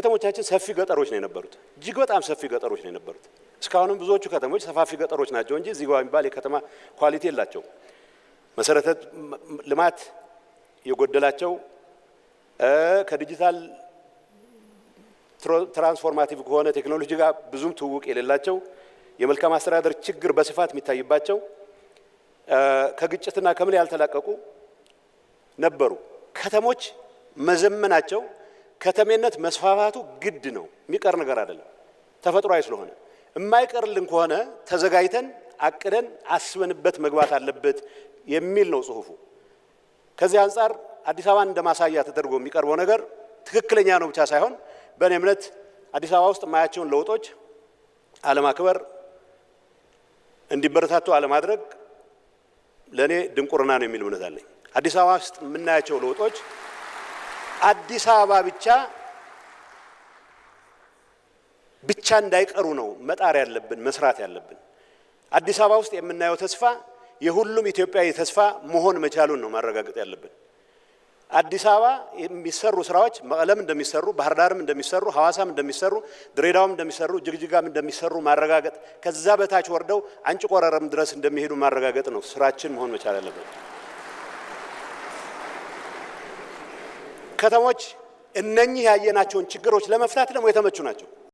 ከተሞቻችን ሰፊ ገጠሮች ነው የነበሩት፣ እጅግ በጣም ሰፊ ገጠሮች ነው የነበሩት። እስካሁንም ብዙዎቹ ከተሞች ሰፋፊ ገጠሮች ናቸው እንጂ እዚህ የሚባል የከተማ ኳሊቲ የላቸው። መሰረተ ልማት የጎደላቸው ከዲጂታል ትራንስፎርማቲቭ ከሆነ ቴክኖሎጂ ጋር ብዙም ትውውቅ የሌላቸው የመልካም አስተዳደር ችግር በስፋት የሚታይባቸው ከግጭትና ከምን ያልተላቀቁ ነበሩ። ከተሞች መዘመናቸው ከተሜነት መስፋፋቱ ግድ ነው፣ የሚቀር ነገር አይደለም። ተፈጥሯዊ ስለሆነ የማይቀርልን ከሆነ ተዘጋጅተን አቅደን አስበንበት መግባት አለበት የሚል ነው ጽሁፉ። ከዚህ አንጻር አዲስ አበባን እንደ ማሳያ ተደርጎ የሚቀርበው ነገር ትክክለኛ ነው ብቻ ሳይሆን በእኔ እምነት አዲስ አበባ ውስጥ የማያቸውን ለውጦች አለማክበር፣ እንዲበረታቱ አለማድረግ ለእኔ ድንቁርና ነው የሚል እምነት አለኝ። አዲስ አበባ ውስጥ የምናያቸው ለውጦች አዲስ አበባ ብቻ ብቻ እንዳይቀሩ ነው መጣር ያለብን መስራት ያለብን። አዲስ አበባ ውስጥ የምናየው ተስፋ የሁሉም ኢትዮጵያዊ ተስፋ መሆን መቻሉን ነው ማረጋገጥ ያለብን። አዲስ አበባ የሚሰሩ ስራዎች መቀለም እንደሚሰሩ፣ ባህር ዳርም እንደሚሰሩ፣ ሐዋሳም እንደሚሰሩ፣ ድሬዳዋም እንደሚሰሩ፣ ጅግጅጋም እንደሚሰሩ ማረጋገጥ ከዛ በታች ወርደው አንጭ ቆረረም ድረስ እንደሚሄዱ ማረጋገጥ ነው ስራችን መሆን መቻል ያለብን። ከተሞች እነኚህ ያየናቸውን ችግሮች ለመፍታት ደግሞ የተመቹ ናቸው።